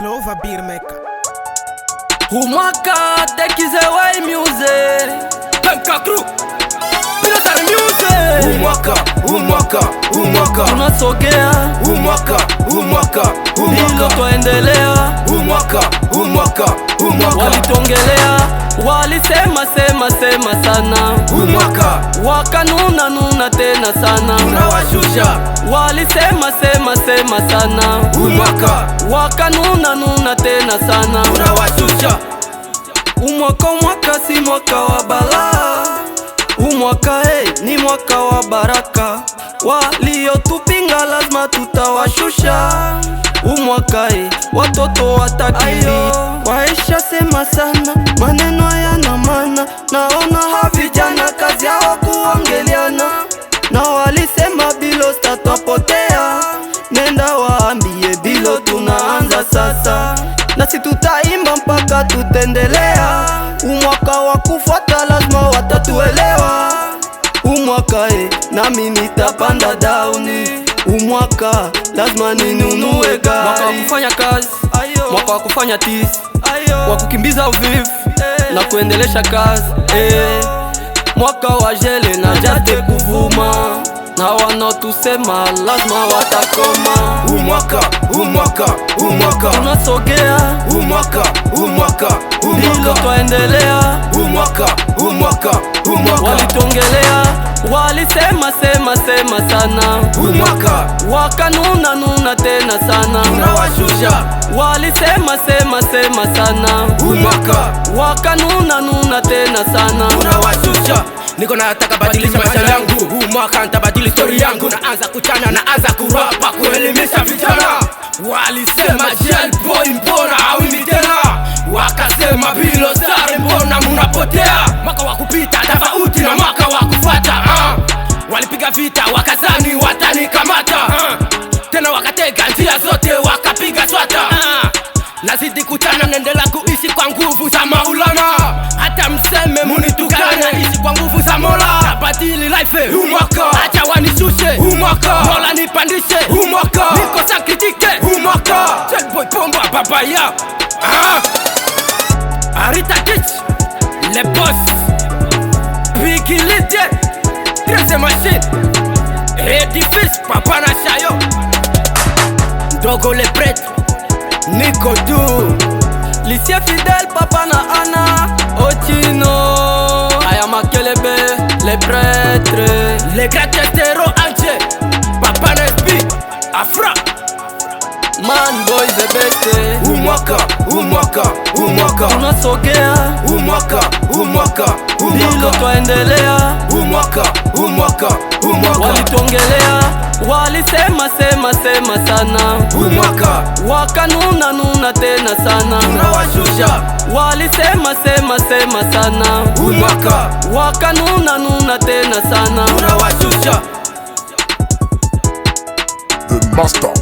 Clova Birmeka Humaka tekizewai muse Pemkakru Pilotar muse Humaka, humaka, humaka Tunasogea Humaka, humaka, humaka Hilo twaendelea Humaka, humaka, humaka Walitongelea Walisema sema sema sana, umwaka wakanuna nuna tena sana, tunawashusha. Walisema sema sema sana, umwaka wakanuna nuna tena sana, tunawashusha. Umwaka umwaka si mwaka wa bala, umwaka hey, ni mwaka wa baraka. Waliotupinga lazima tutawashusha umwakae watoto watakimbia. Waisha sema sana maneno na maana, naona havijana kazi yao kuongeleana, na walisema bilo tutapotea. Nenda waambie bilo tunaanza sasa, nasi tutaimba mpaka tutendelea. Umwaka wa kufuata lazima watatuelewa. Umwakae nami nitapanda dauni umwaka lazima ninunue gari, mwaka wa kufanya kazi, mwaka wa kufanya tisi, wa kukimbiza uvivu eh. na kuendelesha kazi eh, mwaka wa jele na jate kuvuma na wanaotusema lazima watakoma. Umwaka umwaka umwaka tunasogea, umwaka umwaka umwaka twaendelea, umwaka umwaka umwaka walitongelea Walisema sema sema sana, umwaka wakanuna nuna tena sana, tunawashusha. Walisema sema sema sana, umwaka wakanuna nuna tena sana, tunawashusha. Niko nataka badilisha maisha yangu, huu mwaka nitabadili story yangu, naanza kuchana, naanza kurapa, kuelimisha vijana. Walisema nguvu za Maulana, hata mseme munitukane, ishi kwa nguvu za Mola. Tabadili life huu acha wanishushe huu Mola nipandishe huu niko sakitike huu mwaka, Pomba babaya ah. Arita Kitch le boss Bigilite Crazy Machine Edifice Papa na Shayo Ndogo le prêtre Nico Doo litie fidèle papa na ana otino aya makelebe le prêtre le gratestero alge papa nespi afra man boy zebete umwaka umwaka umwaka unasogea umwaka umwaka umwaka bilo twaendelea umwaka umwaka umwaka walitongelea tulisema sema sema sana, umwaka Waka nuna nuna tena sana, tunawashusha walisema sema sema sana, umwaka wakanuna nuna tena sana, tunawashusha the master